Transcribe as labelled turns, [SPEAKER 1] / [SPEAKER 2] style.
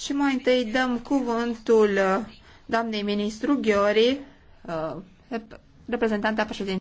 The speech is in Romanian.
[SPEAKER 1] și mai întâi dăm cuvântul uh, doamnei ministru Ghiori, uh, reprezentanta președinției.